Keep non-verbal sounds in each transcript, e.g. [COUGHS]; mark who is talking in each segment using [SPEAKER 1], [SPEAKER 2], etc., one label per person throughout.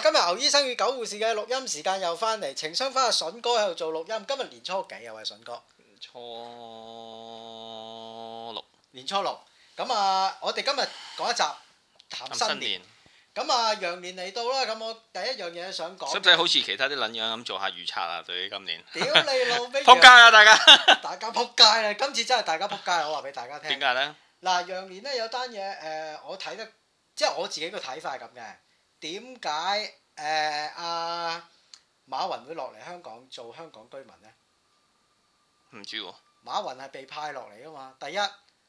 [SPEAKER 1] 今日牛醫生與狗護士嘅錄音時間又翻嚟，情商翻阿筍哥喺度做錄音。今日年初幾啊？喂，筍哥？初六。年初六。咁啊，我哋今日講一集談新年。咁啊，羊年嚟到啦。咁我第一樣嘢想講，使唔使好
[SPEAKER 2] 似其他啲撚樣咁做下預測啊？對於今年？屌 [LAUGHS] 你老味！仆街啊！大
[SPEAKER 1] 家， [LAUGHS] 大家仆街啊！今次真係大家仆街，我話俾大家聽。點解咧？嗱、啊，羊年咧有單嘢誒，我睇得，即係我自己嘅睇法係咁嘅。點解誒阿馬雲會落嚟香港做香港居民呢？
[SPEAKER 2] 唔知喎。
[SPEAKER 1] 馬雲係被派落嚟噶嘛？第一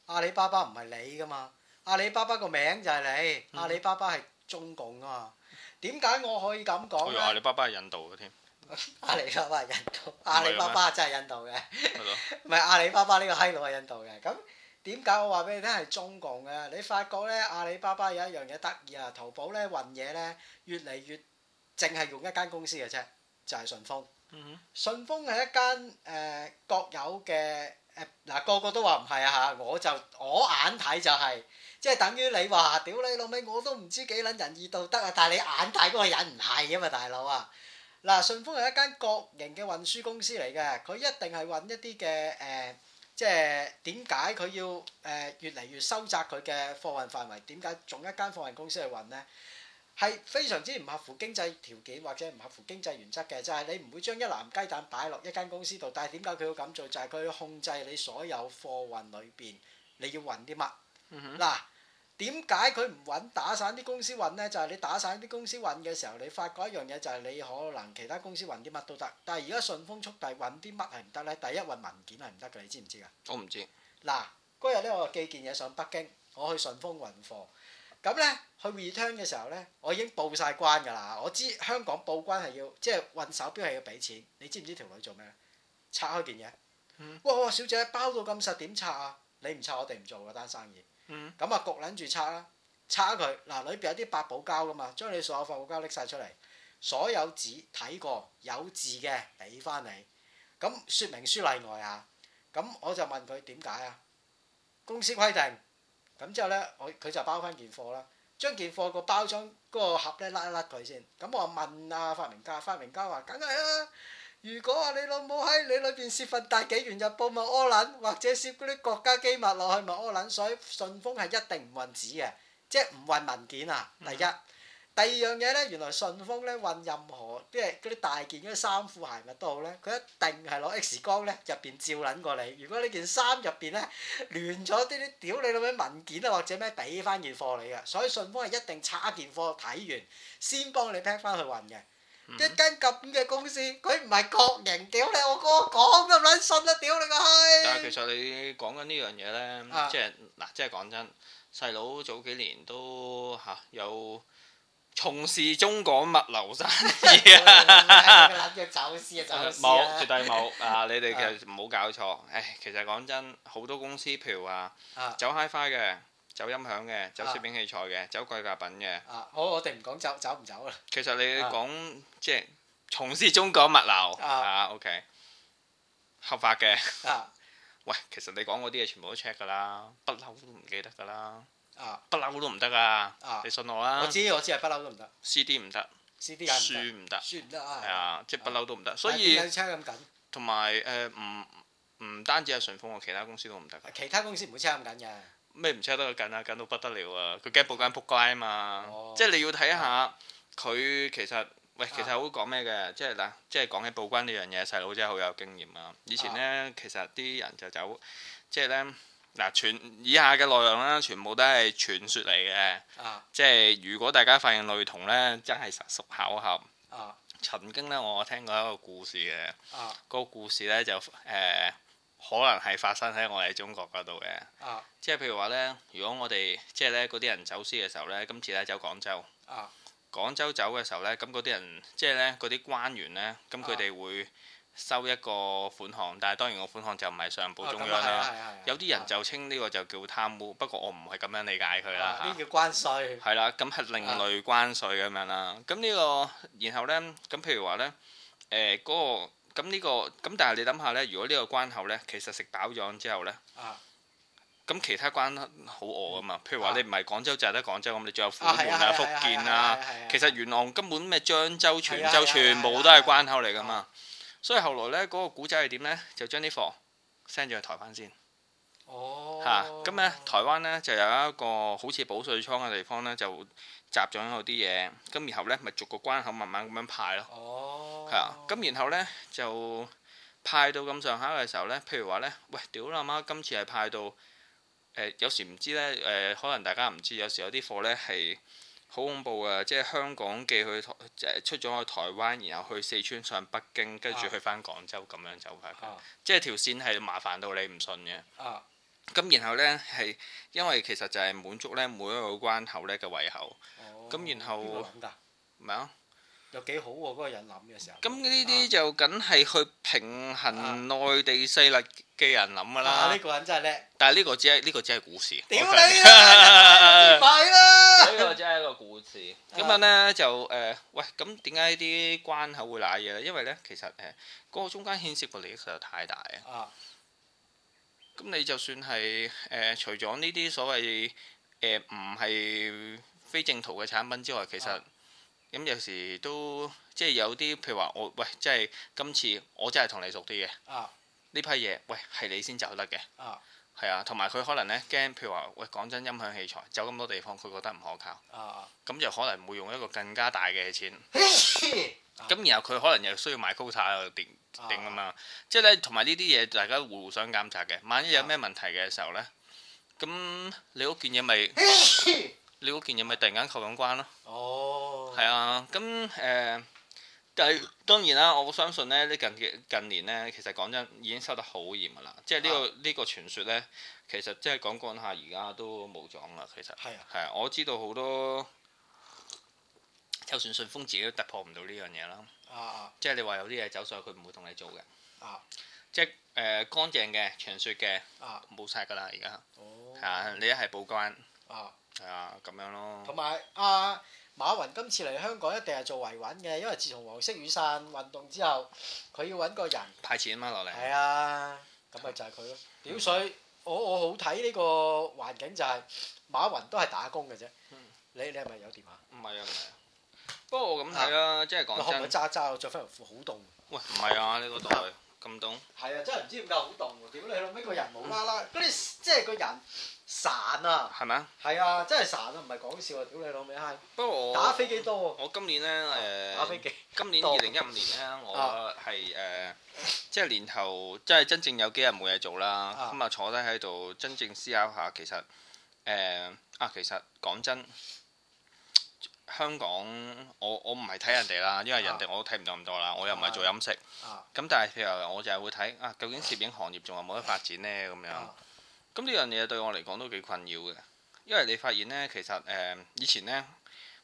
[SPEAKER 1] 阿里巴巴唔係你噶嘛？阿里巴巴個名就係你，阿里巴巴係中共噶嘛？點解我可以咁講咧？原來阿
[SPEAKER 2] 里巴巴係印度嘅添。
[SPEAKER 1] 阿里巴巴係印度，阿里巴巴真係印度嘅。係咪阿里巴巴呢個閪佬係印度嘅咁。點解我話俾你聽係中共嘅？你發覺咧，阿里巴巴有一樣嘢得意啊，淘寶咧，運嘢咧，越嚟越淨係用一間公司嘅啫，就係順豐。嗯
[SPEAKER 2] 哼，
[SPEAKER 1] 順豐係一間誒國有嘅誒嗱，個個都話唔係啊嚇，我就我眼睇就係，即係等於你話屌你老味我都唔知幾撚仁義道德啊，但係你眼睇嗰個人唔係啊嘛大佬啊，嗱，順豐係一間國營嘅運輸公司嚟嘅，佢一定係揾一啲嘅誒。即係點解佢要誒、呃、越嚟越收窄佢嘅貨運範圍？點解仲一間貨運公司去運呢？係非常之唔合乎經濟條件或者唔合乎經濟原則嘅，就係、是、你唔會將一籃雞蛋擺落一間公司度。但係點解佢要咁做？就係、是、佢要控制你所有貨運裏邊，你要運啲乜？嗱、嗯哼。點解佢唔揾打散啲公司運咧？就係你打散啲公司運嘅時候，你發覺一樣嘢就係你可能其他公司運啲乜都得，但係而家順豐速遞運啲乜係唔得咧。第一運文件係唔得㗎，你知唔知啊？我唔知。嗱，嗰日咧，我寄件嘢上北京，我去順豐運貨。咁咧去 return 嘅時候咧，我已經報晒關㗎啦。我知香港報關係要即係運手錶係要俾錢，你知唔知條女做咩？拆開件嘢。嗯。哇！小姐包到咁實點拆啊？你唔拆我哋唔做嗰單生意。咁、嗯、啊，焗捻住拆啦，拆啊，佢嗱，裏邊有啲八寶膠噶嘛，將你所有八寶膠拎晒出嚟，所有紙睇過有字嘅俾翻你，咁說明書例外啊。咁我就問佢點解啊？公司規定咁。之後咧，我佢就包翻件貨啦，將件貨個包裝嗰盒咧甩一甩佢先。咁我問啊，發明家，發明家話梗係啦。如果話你老母喺你裏邊攝份大紀元日報密柯撚，或者涉嗰啲國家機密落去密柯撚，所以順豐係一定唔運紙嘅，即係唔運文件啊！第一，第二樣嘢咧，原來順豐咧運任何即係嗰啲大件嗰啲衫褲鞋襪都好咧，佢一定係攞 X 光咧入邊照撚過你。如果你件衫入邊咧亂咗啲啲屌你老味文件啊，或者咩俾翻件貨你嘅，所以順豐係一定拆件貨睇完先幫你 pack 翻去運嘅。一間咁嘅公司，佢唔係國營屌你，我哥講咁撚信啦屌你個閪！哎、但係其
[SPEAKER 2] 實你講緊呢樣嘢呢，即係嗱，即係講真，細佬早幾年都嚇有從事中港物流生意 [LAUGHS] [LAUGHS] 啊！冇絕對冇 [LAUGHS] 啊！你哋其實唔好搞錯，誒、哎，其實講真，好多公司譬如話，走 high 嘅。走音響嘅，走攝影器材嘅，走貴價品嘅。啊，
[SPEAKER 1] 好，我哋唔講走，走唔走啦。
[SPEAKER 2] 其實你講即係從事中港物流啊，OK，合法嘅。喂，其實你講嗰啲嘢全部都 check 噶啦，不嬲都唔記得噶啦。啊，不嬲都唔得啊。你信我啦，我知我知，係不嬲都唔得，CD 唔得，CD 也唔得，書唔得，書唔得係啊，即係不嬲都唔得。所以 check 咁緊。同埋誒，唔唔單止係順豐，其他公司都唔得。
[SPEAKER 1] 其他公司唔會 check 咁緊嘅。
[SPEAKER 2] 咩唔 check 得佢緊啊？緊到不得了啊！佢驚報關仆街啊嘛！哦、即係你要睇下佢、啊、其實喂，其實好講咩嘅、啊？即係嗱，即係講起報關呢樣嘢，細佬真係好有經驗啊！以前呢，啊、其實啲人就走，即係呢，嗱，全以下嘅內容呢，全部都係傳說嚟嘅。啊、即係如果大家發現類同呢，真係實屬巧合。啊、曾經呢，我聽過一個故事嘅。啊！個故事呢就誒。呃呃可能係發生喺我哋中國嗰度嘅，啊、即係譬如話呢，如果我哋即係呢嗰啲人走私嘅時候呢，今次呢走廣州，啊、廣州走嘅時候呢，咁嗰啲人即係呢嗰啲關員呢，咁佢哋會收一個款項，但係當然個款項就唔係上報中央啦。啊啊啊啊啊、有啲人就稱呢個就叫貪污，不過我唔係咁樣理解佢啦。邊叫關稅？係、啊啊、啦，咁係另類關稅咁樣啦。咁呢、啊這個，然後呢，咁譬如話呢，誒、呃、嗰、那個。咁呢個咁，但係你諗下呢，如果呢個關口呢，其實食飽咗之後呢，啊，咁其他關好餓啊嘛，譬如話你唔係廣州就係得廣州咁，你仲有虎門啊、福建啊，其實沿岸根本咩漳州、泉州，全部都係關口嚟噶嘛，所以後來呢，嗰個古仔係點呢？就將啲貨 send 咗去台灣先。哦，嚇、啊，咁、嗯、咧，台灣咧就有一個好似保稅倉嘅地方咧，就集咗有啲嘢，咁然後咧咪逐個關口慢慢咁樣派咯，哦，係啊，咁然後咧就派到咁上下嘅時候咧，譬如話咧，喂，屌啦媽，今次係派到，誒、呃、有時唔知咧，誒、呃、可能大家唔知，呃家知，有時有啲貨咧係好恐怖嘅，即係香港寄去誒出咗去台灣，然後去四川上北京，跟住去翻廣州咁樣走法、啊啊、即係條線係麻煩到你唔信嘅。啊啊咁然後咧係因為其實就係滿足咧每一個關口咧嘅胃口，咁然後，唔係啊？
[SPEAKER 1] 又幾好喎！嗰個人諗
[SPEAKER 2] 嘅時候，咁呢啲就梗係去平衡內地勢力嘅人諗噶啦。啊！呢個人真係叻。但係呢個只係呢個只係故事。屌你啊！跌廢啦！呢個只係一個故事。咁樣咧就誒，喂，咁點解呢啲關口會瀨嘢咧？因為咧其實誒，個中間牽涉個利益實在太大啊！咁你就算係誒、呃，除咗呢啲所謂誒唔係非正途嘅產品之外，其實咁、啊、有時都即係有啲譬如話，我喂即係今次我真係同你熟啲嘅，呢、啊、批嘢喂係你先走得嘅，係啊，啊，同埋佢可能咧驚，譬如話喂講真，音響器材走咁多地方，佢覺得唔可靠，咁、啊、就可能會用一個更加大嘅錢，咁、啊啊、然後佢可能又需要買高叉嘅電。定啊嘛，即係咧，同埋呢啲嘢大家互相檢查嘅，萬一有咩問題嘅時候咧，咁你嗰件嘢咪，你嗰件嘢咪 [COUGHS] 突然間扣唔關咯。哦，係啊，咁誒、呃，但係當然啦，我相信咧，呢近幾近年咧，其實講真已經收得好嚴㗎喇，即係、這個啊、呢個呢個傳說咧，其實即係講講下而家都冇咗啦，其實係啊，係啊，我知道好多。就算順豐自己都突破唔到呢樣嘢啦，啊啊！即係你話有啲嘢走上去，佢唔會同你做嘅，啊！即係誒、呃、乾淨嘅、純粹嘅，啊冇晒噶啦而家，哦，係啊，你一係報關啊啊，啊，係啊，咁樣咯。同
[SPEAKER 1] 埋阿馬雲今次嚟香港一定係做維穩嘅，因為自從黃色雨傘運動之後，佢要揾個人
[SPEAKER 2] 派錢嘛，落嚟係啊，
[SPEAKER 1] 咁咪就係佢咯。屌、嗯，水，我我好睇呢個環境就係馬雲都係打工嘅啫、嗯。你你係咪有電話？
[SPEAKER 2] 唔係啊，唔係啊。不過我咁
[SPEAKER 1] 睇啦，即係講真，渣渣，着翻條褲好凍。喂，
[SPEAKER 2] 唔係啊，呢個袋咁凍。係啊，真係唔知點解好凍喎！
[SPEAKER 1] 屌你老尾個人無啦啦，嗰啲即係個人孱啊。係咪啊？係啊，真係孱啊，唔係講笑啊！屌你老味，嗨！
[SPEAKER 2] 不過我打飛機多。我今年咧誒，打飛機，今年二零一五年咧，我係誒，即係年頭，即係真正有幾日冇嘢做啦，咁啊坐低喺度真正思考下，其實誒啊，其實講真。香港我我唔係睇人哋啦，因為人哋我都睇唔到咁多啦，我又唔係做飲食。咁、啊、但係譬如我就係會睇啊，究竟攝影行業仲有冇得發展呢？咁樣。咁呢、啊、樣嘢對我嚟講都幾困擾嘅，因為你發現呢，其實誒、呃、以前呢，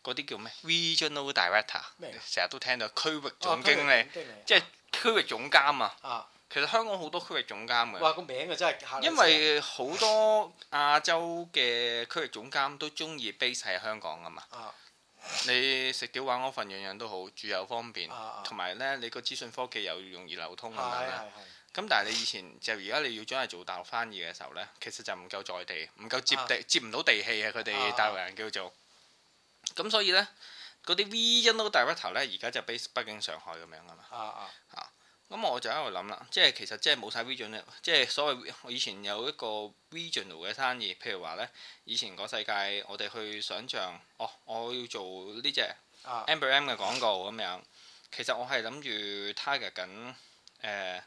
[SPEAKER 2] 嗰啲叫咩？Regional Director，成日都聽到區域總經理，啊、經理即係區域總監啊。啊其實香港好多區域總監嘅、啊。話個
[SPEAKER 1] 名啊真係，因為
[SPEAKER 2] 好多亞洲嘅區域總監都中意 base 喺香港啊嘛。啊啊你食嘢玩嗰份樣樣都好，住又方便，同埋咧你個資訊科技又容易流通咁樣。咁、啊、吧但係你以前就而家你要真係做大陸翻譯嘅時候咧，其實就唔夠在地，唔夠接地，啊、接唔到地氣啊！佢哋大陸人叫做，咁、啊啊、所以咧嗰啲 V 型都大甩頭咧，而家就 base 北京上海咁樣啊嘛。啊啊啊！咁我就喺度諗啦，即係其實即係冇晒 regional，即係所謂我以前有一個 regional 嘅生意，譬如話呢，以前個世界我哋去想像，哦，我要做呢隻 Ember M 嘅廣告咁樣，其實我係諗住 target 緊呃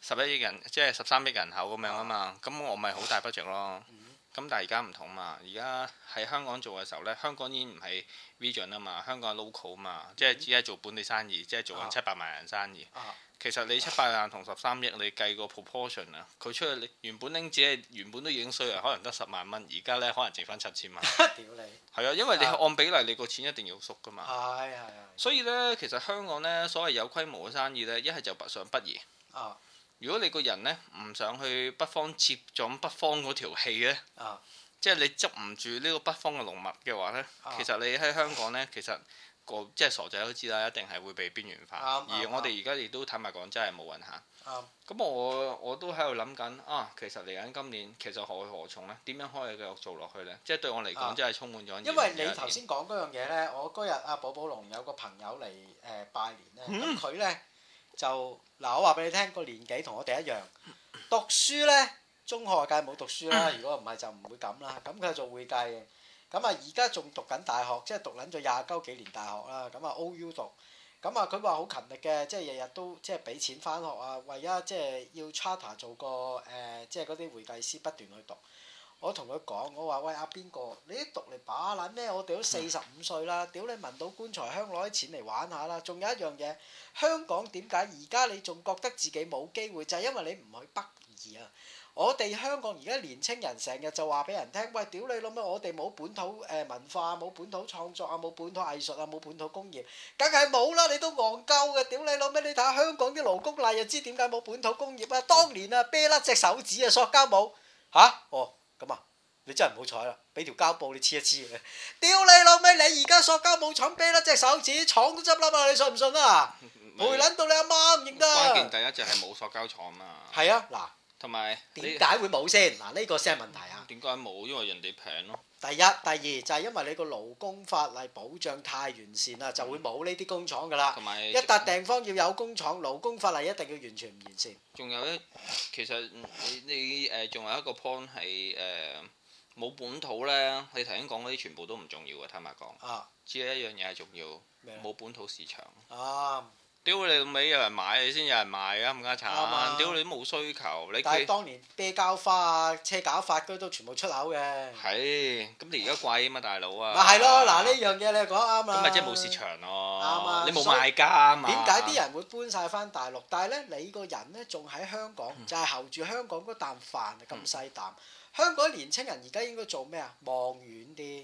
[SPEAKER 2] 十一億人，即係十三億人口咁樣啊嘛，咁我咪好大 budget 咯。咁但係而家唔同嘛，而家喺香港做嘅時候呢，香港已經唔係 Vision 啊嘛，香港 local 嘛，嗯、即係只係做本地生意，即係做緊七百萬人生意。啊啊、其實你七百萬同十三億，你計個 proportion 啊，佢出去你原本拎只係原本都已經衰啊，可能得十萬蚊，而家呢可能剩翻七千萬。
[SPEAKER 1] 屌
[SPEAKER 2] 你！係啊，因為你按比例，你個錢一定要縮噶嘛。係啊，所以呢，其實香港呢所謂有規模嘅生意呢，一係就想不二。啊。如果你個人呢唔想去北方接種北方嗰條氣咧，即係你執唔住呢個北方嘅龍脈嘅話呢，其實你喺香港呢，其實個即係傻仔都知啦，一定係會被邊緣化。而我哋而家亦都坦白講真係冇運行。咁我我都喺度諗緊啊，其實嚟緊今年其實何去何從呢？點樣可以繼續做落去呢？即係對我嚟講真係充滿咗。因為你頭先
[SPEAKER 1] 講嗰樣嘢呢，我嗰日阿寶寶龍有個朋友嚟拜年呢。佢咧。就嗱，我話俾你聽，個年紀同我哋一樣。讀書咧，中學界冇讀書啦，如果唔係就唔會咁啦。咁佢係做會計嘅，咁啊而家仲讀緊大學，即係讀撚咗廿鳩幾年大學啦。咁啊 O.U. 讀，咁啊佢話好勤力嘅，即係日日都即係俾錢翻學啊，為咗、呃，即係要 charter 做個誒，即係嗰啲會計師不斷去讀。我同佢講，我話喂，阿邊個，你啲毒嚟把撚咩？我屌都四十五歲啦，屌你聞到棺材香攞啲錢嚟玩下啦！仲有一樣嘢，香港點解而家你仲覺得自己冇機會？就係因為你唔去北移啊！我哋香港而家年青人成日就話俾人聽，喂屌你老咩！我哋冇本土誒文化，冇本土創作啊，冇本土藝術啊，冇本土工業，梗係冇啦！你都戇鳩嘅，屌你老咩！你睇下香港啲勞工啦，又知點解冇本土工業啊？當年啊，啤甩隻手指啊，塑膠帽嚇哦。咁啊，你真係唔好彩啦！俾條膠布你黐一黐佢，屌你老味！你而家塑膠冇廠，俾甩隻手指廠都執笠啦，你信唔信啊？
[SPEAKER 2] 會揾 [LAUGHS]
[SPEAKER 1] 了到你阿媽唔認得。 [LAUGHS] 關鍵
[SPEAKER 2] 第一隻係冇塑膠廠啊。係啊，嗱。同埋點解會冇先？嗱、這、呢個先係問題啊！點解冇？因為人哋平咯。
[SPEAKER 1] 第一、第二就係、是、因為你個勞工法例保障太完善啦，嗯、就會冇
[SPEAKER 2] 呢啲工廠噶啦。同埋一笪
[SPEAKER 1] 地方要有工廠，勞工法例一定要完全唔完善。
[SPEAKER 2] 仲有一其實你誒仲、呃、有一個 point 係誒冇本土呢，你頭先講嗰啲全部都唔重要嘅，坦白講。啊！只係一樣嘢係重要，冇本土市場。啱、啊。屌你老味，有人買你先有人賣啊，咁家產！屌你都冇需求，你睇。但係當
[SPEAKER 1] 年啤膠花啊、車架發嗰啲都全部出口嘅。
[SPEAKER 2] 係，咁你而家貴啊嘛，大佬啊。咪係咯，
[SPEAKER 1] 嗱呢樣嘢你講得啱啊。咁咪即係冇
[SPEAKER 2] 市場咯，啱啊，你冇賣家啊嘛。點解啲人
[SPEAKER 1] 會搬晒翻大陸？但係咧，你個人咧仲喺香港，就係候住香港嗰啖飯，咁細啖。香港年青人而家應該做咩啊？望遠啲。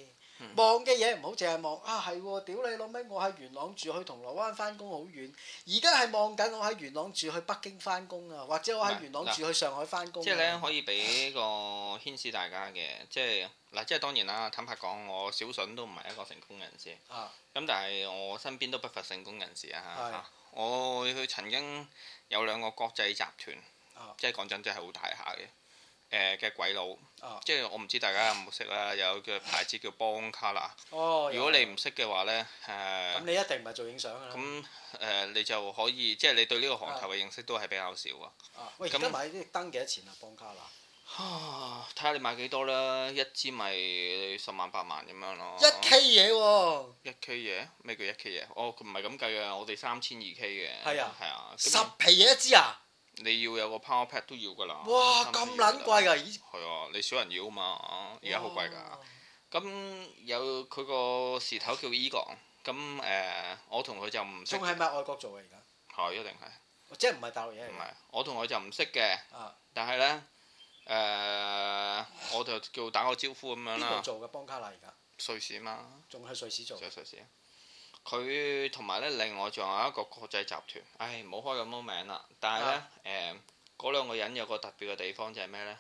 [SPEAKER 1] 望嘅嘢唔好淨係望啊，係喎，屌你老味，我喺元朗住去銅鑼灣返工好遠，而家係望緊我喺元朗住去北京返工啊，或者我喺元朗住、嗯嗯、去上海返工。即係是咧、嗯、可以俾
[SPEAKER 2] 個牽絲大家嘅，即係嗱，即係當然啦。坦白講，我小筍都唔係一個成功人士，咁、啊、但係我身邊都不乏成功人士的啊嚇。我佢曾經有兩個國際集團，啊啊、即係講真，真係好大下嘅。誒嘅 [MUSIC] 鬼佬，即係我唔知大家有冇識啦，有個牌子叫邦卡啦。
[SPEAKER 1] 哦，如果你唔
[SPEAKER 2] 識嘅話呢，誒、呃，咁你一定唔係做影相嘅啦。咁誒，你就可以，即、就、係、是、你對呢個行頭嘅認識都係比較少啊。啊，喂，而家買
[SPEAKER 1] 啲燈幾多錢啊？邦卡那啦，
[SPEAKER 2] 睇下 [COUGHS] 你買幾多啦，一支咪十萬八萬咁樣咯、啊。一 K 嘢喎！一 K 嘢？咩叫一 K 嘢？哦，佢唔係咁計嘅，我哋三千二 K 嘅。係啊。係啊。十皮嘢一支啊！你要有個 power pad 都要噶啦。哇，咁撚貴噶！係啊，你少人要啊嘛，而家好貴噶。咁哇有佢個事頭叫 Eagle。咁、呃、誒我同佢就唔識。仲係
[SPEAKER 1] 咪外國做嘅而家？係一定係，即係唔係大陸嘢唔係，
[SPEAKER 2] 我同佢就唔識嘅。啊、但係咧，誒、呃、我就叫打個招呼咁樣啦。邊個做
[SPEAKER 1] 嘅？邦卡麗而家？
[SPEAKER 2] 瑞士啊嘛。仲係瑞士做。係瑞士。佢同埋咧，另外仲有一個國際集團，唉，唔好開咁多名啦。但係咧，誒、啊，嗰、呃、兩個人有個特別嘅地方就係咩咧？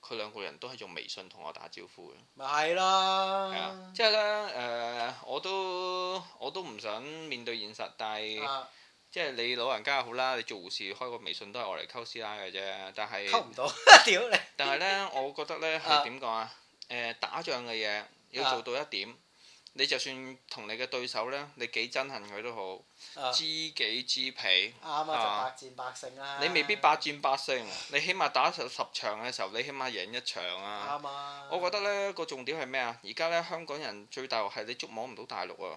[SPEAKER 2] 佢兩個人都係用微信同我打招呼嘅，咪係咯。係啊，即係咧，誒、呃，我都我都唔想面對現實，但係即係你老人家好啦，你做護士開個微信都係我嚟溝師奶嘅啫，但係溝唔到，屌 [LAUGHS] 你！但係咧，我覺得咧係點講啊？誒、呃，打仗嘅嘢要做到一點，點。你就算同你嘅對手呢，你幾憎恨佢都好，啊、知己知彼。啱啊，就百
[SPEAKER 1] 戰百勝啦、啊。你未必
[SPEAKER 2] 百戰百勝，啊、你起碼打十十場嘅時候，你起碼贏一場啊。啱啊。我覺得呢個重點係咩啊？而家呢，香港人最大鑊係你捉摸唔到大陸啊，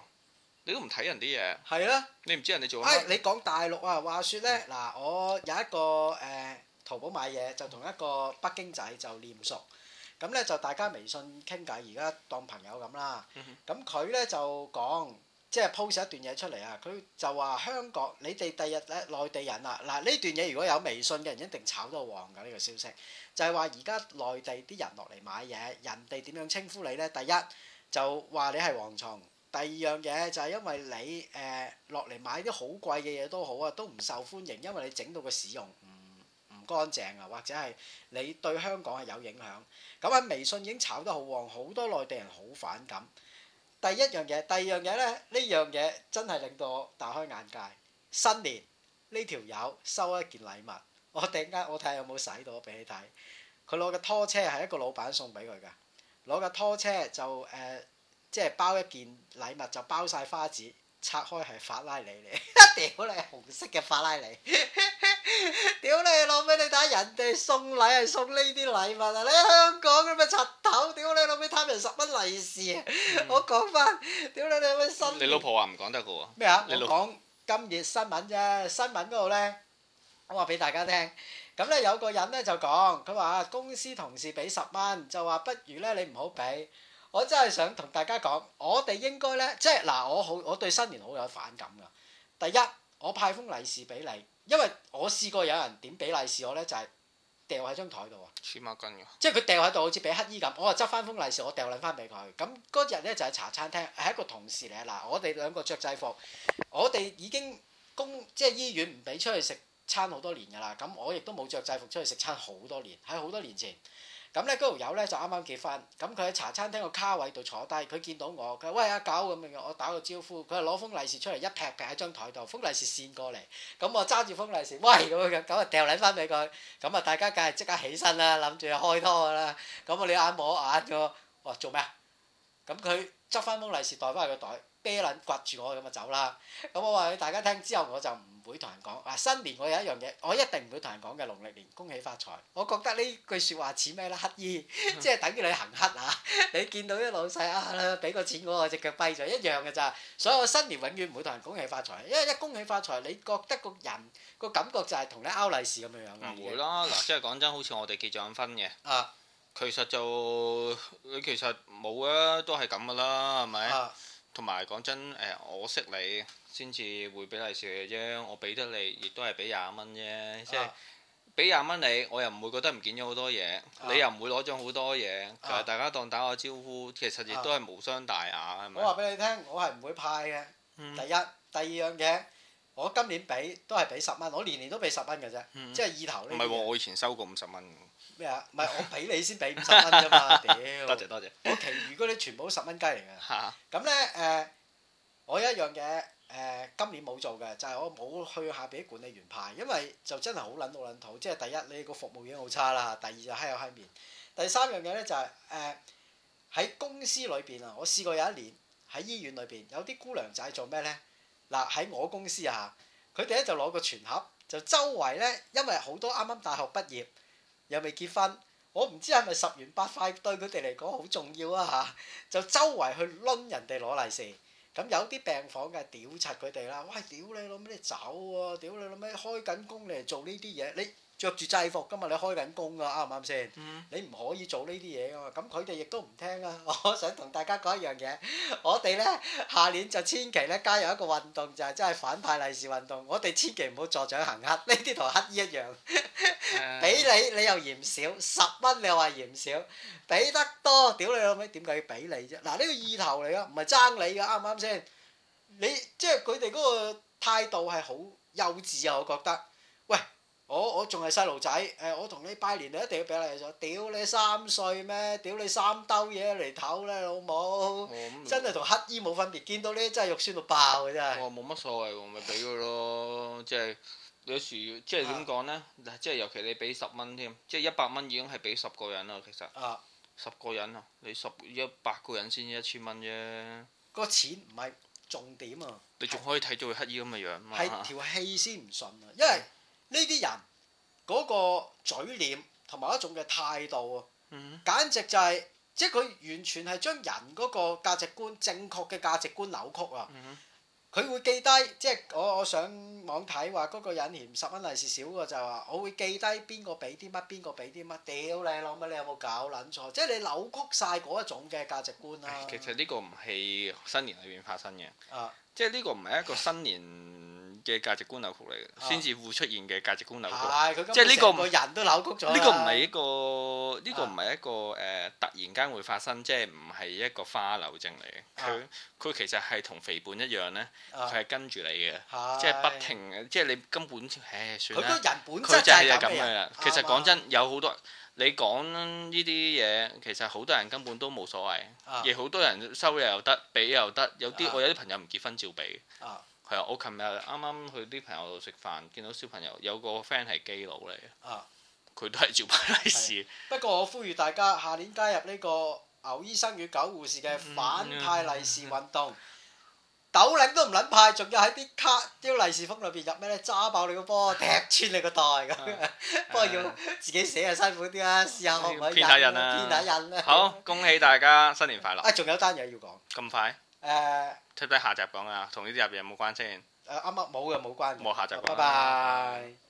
[SPEAKER 2] 你都唔睇人啲嘢。係啊，你唔知人哋做咩、哎。
[SPEAKER 1] 你講大陸啊？話説呢，嗱、嗯，我有一個誒、呃，淘寶買嘢就同一個北京仔就稔熟。咁咧就大家微信傾偈，而家當朋友咁啦。咁佢咧就講，即係 po 咗一段嘢出嚟啊！佢就話香港，你哋第日咧內地人啊，嗱呢段嘢如果有微信嘅人一定炒到旺噶呢個消息，就係話而家內地啲人落嚟買嘢，人哋點樣稱呼你呢？第一就話你係蝗蟲，第二樣嘢就係因為你誒落嚟買啲好貴嘅嘢都好啊，都唔受歡迎，因為你整到個市容。乾淨啊，或者係你對香港係有影響。咁喺微信已經炒得好旺，好多內地人好反感。第一樣嘢，第二樣嘢咧，呢樣嘢真係令到我大開眼界。新年呢條友收一件禮物，我突然間我睇下有冇洗到俾你睇。佢攞嘅拖車係一個老闆送俾佢嘅，攞嘅拖車就誒、呃，即係包一件禮物就包晒花紙。拆開係法拉利嚟，屌 [LAUGHS] 你紅色嘅法拉利，屌 [LAUGHS] 你攞俾你睇，人哋送禮係送呢啲禮物啊！你香港咁嘅柒頭，屌你攞俾貪人十蚊利是，嗯、我講翻，屌你你有咩新？你老婆
[SPEAKER 2] 話唔講得個喎。咩啊麼？你老婆？我講
[SPEAKER 1] 今日新聞啫，新聞嗰度咧，我話俾大家聽。咁咧有個人咧就講，佢話公司同事俾十蚊，就話不如咧你唔好俾。我真係想同大家講，我哋應該咧，即係嗱，我好，我對新年好有反感噶。第一，我派封利是俾你，因為我試過有人點俾利是我咧，就係掉喺張台度啊，黐孖筋㗎。即係佢掉喺度，好似俾乞衣咁，我又執翻封利是，我掉兩翻俾佢。咁嗰日咧就係茶餐廳，係一個同事嚟嘅嗱，我哋兩個着制服，我哋已經公即係醫院唔俾出去食餐好多年㗎啦。咁我亦都冇着制服出去食餐好多年，喺好多年前。咁咧嗰條友咧就啱啱結婚，咁佢喺茶餐廳個卡位度坐低，佢見到我，佢話喂，阿狗咁樣，我打個招呼，佢就攞封利是出嚟一劈劈喺張台度，封利是扇過嚟，咁我揸住封利是，喂咁樣，咁啊掉捻翻俾佢，咁啊大家梗係即刻起身啦，諗住開拖噶啦，咁啊你眼摸眼嘅，我話做咩？咁佢執翻封利是袋翻入個袋，啤捻掘住我咁啊走啦，咁我話俾大家聽之後我就唔會同人講，嗱新年我有一樣嘢，我一定唔會同人講嘅。農曆年恭喜發財，我覺得呢句説話似咩啦？乞兒，即係等於你行乞啊！你見到啲老細啊，俾個錢嗰個隻腳跛咗，一樣嘅咋。所以我新年永遠唔會同人恭喜發財，因為一恭喜發財，你覺得個人個感覺就係同你拗利是咁樣樣嘅。唔會啦，嗱， [LAUGHS] 即
[SPEAKER 2] 係講真，好似我哋結咗婚嘅，啊其，其實就你其實冇啊，都係咁嘅啦，係咪？啊同埋講真誒，我識你先至會俾利是嘅啫，我俾得你亦都係俾廿蚊啫，即係俾廿蚊你，我又唔會覺得唔見咗好多嘢，你又唔會攞咗好多嘢，就係大家當打個招呼，其實亦都係無傷大雅，係咪？我話
[SPEAKER 1] 俾你聽，我係唔會派嘅。第一、第二樣嘢，我今年俾都係俾十蚊，我年年都俾十蚊嘅啫，即係意頭。唔係喎，
[SPEAKER 2] 我以前收過五十蚊。咩啊？
[SPEAKER 1] 唔係我俾你先俾五十蚊啫嘛，屌！十蚊雞嚟嘅，咁咧誒，我有一樣嘢誒、呃，今年冇做嘅就係、是、我冇去下俾管理員派，因為就真係好撚好撚土，即係第一你個服務已經好差啦，第二就揩油揩面，第三樣嘢咧就係誒喺公司裏邊啊，我試過有一年喺醫院裏邊有啲姑娘仔做咩咧？嗱喺我公司啊，佢哋咧就攞個全盒，就周圍咧，因為好多啱啱大學畢業又未結婚。我唔知係咪十元八塊對佢哋嚟講好重要啊嚇， [LAUGHS] 就周圍去攆人哋攞利是，咁有啲病房嘅屌柒佢哋啦，喂屌你老咩走啊！你」「屌你老咩開緊工你嚟做呢啲嘢你？着住制服㗎嘛，你開緊工㗎，啱唔啱先？你唔可以做呢啲嘢㗎嘛。咁佢哋亦都唔聽啊！我想同大家講一樣嘢，我哋咧下年就千祈咧加入一個運動，就係真係反派利是運動。我哋千祈唔好助長行乞，呢啲同乞衣一樣。俾你你又嫌少，十蚊你又話嫌少，俾得多屌你老味，點解要俾你啫？嗱，呢個意頭嚟㗎，唔係爭你㗎，啱唔啱先？你即係佢哋嗰個態度係好幼稚啊！我覺得，喂。我我仲係細路仔，誒！我同你拜年就一定要俾你咗。屌你三歲咩？屌你三兜嘢嚟唞咧，老母！真係同
[SPEAKER 2] 乞衣冇分別，見到呢真係肉酸到爆嘅真係。我冇乜所謂喎，咪俾佢咯，即係有時即係點講呢？即係尤其你俾十蚊添，即係一百蚊已經係俾十個人啦，其實。啊！十個人啊，你十一百個人先一千蚊啫。
[SPEAKER 1] 個錢唔係重點
[SPEAKER 2] 啊！你仲可以睇做乞衣咁嘅樣啊！係條氣先唔順啊，因
[SPEAKER 1] 為。呢啲人嗰、那個嘴臉同埋一種嘅態度啊，
[SPEAKER 2] 嗯、
[SPEAKER 1] 簡直就係、是、即係佢完全係將人嗰個價值觀正確嘅價值觀扭曲啊！佢、嗯、會記低，即係我我上網睇話嗰個人嫌十蚊利是少過就話、是，我會記低邊個俾啲乜，邊個俾啲乜，屌你老母你有冇搞撚錯？即係你扭曲晒嗰一種嘅價值觀啊、哎。其
[SPEAKER 2] 實呢個唔係新年裏面發生嘅，啊、即係呢個唔係一個新年。 [LAUGHS] 嘅價值觀扭曲嚟嘅，先至會出現嘅價值觀扭曲。係，即係呢個唔係一個，呢個唔係一個誒，突然間會發生，即係唔係一個花柳症嚟嘅。佢佢其實係同肥胖一樣呢，佢係跟住你嘅，即係不停，即係你根本誒算啦。佢都人本身就係咁嘅啦。其實講真，有好多你講呢啲嘢，其實好多人根本都冇所謂，亦好多人收又得，俾又得。有啲我有啲朋友唔結婚照俾。係啊！我琴日啱啱去啲朋友度食飯，見到小朋友有個 friend 係基佬嚟嘅，佢都係照派利是。
[SPEAKER 1] 不過我呼籲大家下年加入呢個牛醫生與狗護士嘅反派利是運動，斗零都唔撚派，仲要喺啲卡啲利是封裏邊入咩咧？揸爆你個波，踢穿你個袋咁。不過要自己寫就辛苦啲啦，試下可唔可以打印啊打印啊？好，
[SPEAKER 2] 恭喜大家新年快樂！啊，仲
[SPEAKER 1] 有單嘢要講。
[SPEAKER 2] 咁快？誒，出低、uh, 下集講集有有、uh, 啊，同呢啲入邊有冇關先？
[SPEAKER 1] 誒，啱啱冇嘅，冇關，冇下集講，拜拜。Uh, bye bye. Bye bye.